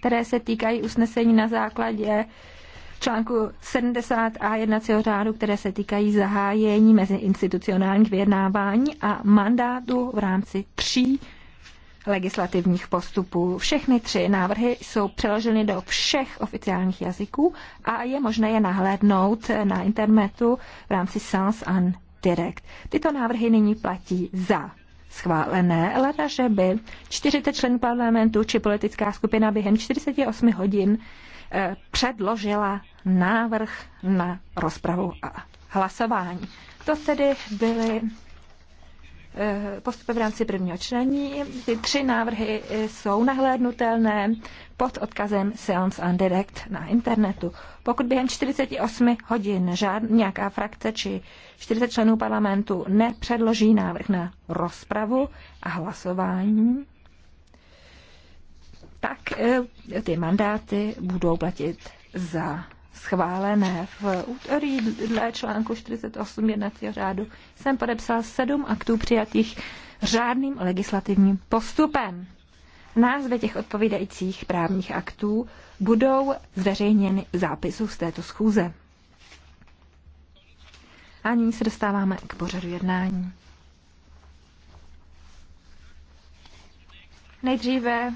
které se týkají usnesení na základě článku 70a jednacího řádu, které se týkají zahájení meziinstitucionálních vyjednávání a mandátu v rámci tří legislativních postupů. Všechny tři návrhy jsou přeloženy do všech oficiálních jazyků a je možné je nahlédnout na internetu v rámci Sans and Direct. Tyto návrhy nyní platí za schválené, ale že by 40 členů parlamentu či politická skupina během 48 hodin eh, předložila návrh na rozpravu a hlasování. To tedy byly Eh, postupy v rámci prvního člení. Ty tři návrhy eh, jsou nahlédnutelné pod odkazem Seance and Direct na internetu. Pokud během 48 hodin žád, nějaká frakce či 40 členů parlamentu nepředloží návrh na rozpravu a hlasování, tak eh, ty mandáty budou platit za schválené. V úterý dle článku 48 jednacího řádu jsem podepsal sedm aktů přijatých řádným legislativním postupem. Názvy těch odpovídajících právních aktů budou zveřejněny v zápisu z této schůze. A nyní se dostáváme k pořadu jednání. Nejdříve